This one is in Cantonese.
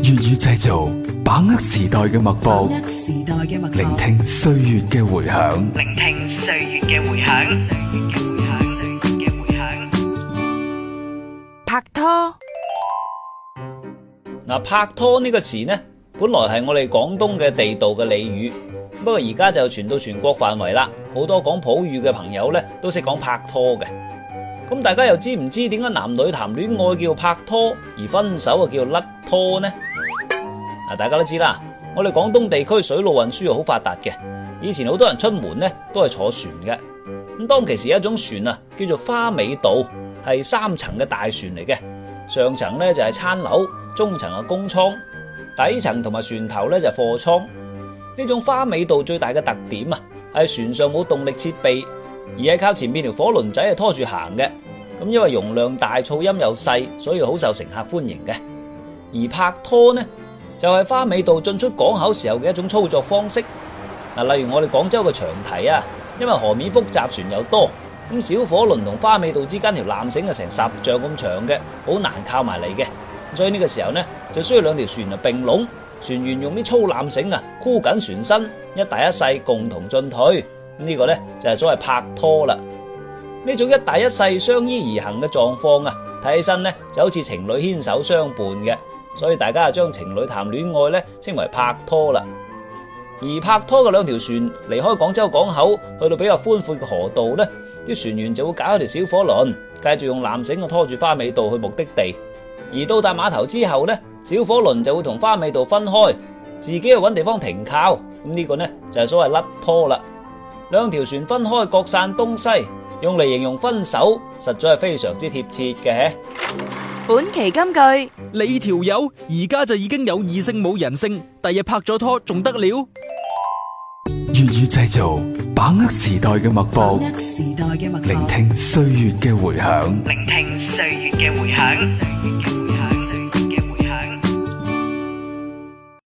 粵語製造，把握時代嘅脈搏，脈搏，聆聽歲月嘅回響。聆聽歲月嘅回響。歲月嘅回響，歲月嘅回響。拍拖，嗱，拍拖呢個詞呢，本來係我哋廣東嘅地道嘅俚語，不過而家就傳到全國範圍啦，好多講普語嘅朋友咧，都識講拍拖嘅。咁大家又知唔知點解男女談戀愛叫拍拖，而分手啊叫甩拖呢？大家都知啦，我哋廣東地區水路運輸又好發達嘅，以前好多人出門咧都係坐船嘅。咁當其時有一種船啊，叫做花尾渡，係三層嘅大船嚟嘅。上層咧就係餐樓，中層嘅工倉，底層同埋船頭咧就係貨倉。呢種花尾渡最大嘅特點啊，係船上冇動力設備。而係靠前面條火輪仔係拖住行嘅。咁因為容量大，噪音又細，所以好受乘客歡迎嘅。而拍拖呢，就係花尾道進出港口時候嘅一種操作方式。嗱，例如我哋廣州嘅長堤啊，因為河面複雜，船又多，咁小火輪同花尾道之間條纜繩係成十丈咁長嘅，好難靠埋嚟嘅，所以呢個時候呢就需要兩條船啊並攏，船員用啲粗纜繩啊箍緊船身，一大一細共同進退。呢個呢，就係所謂拍拖啦。呢種一大一細相依而行嘅狀況啊，睇起身呢就好似情侶牽手相伴嘅，所以大家就將情侶談戀愛呢稱為拍拖啦。而拍拖嘅兩條船離開廣州港口去到比較寬闊嘅河道呢，啲船員就會搞一條小火輪，繼續用纜繩嘅拖住花尾渡去目的地。而到達碼頭之後呢，小火輪就會同花尾渡分開，自己去揾地方停靠。咁、這、呢個呢，就係所謂甩拖啦。兩條船分開，各散東西，用嚟形容分手，實在係非常之貼切嘅。本期金句，你條友而家就已經有異性冇人性，第日拍咗拖仲得了。粵語製造，把握時代嘅脈搏，聆聽歲月嘅回響。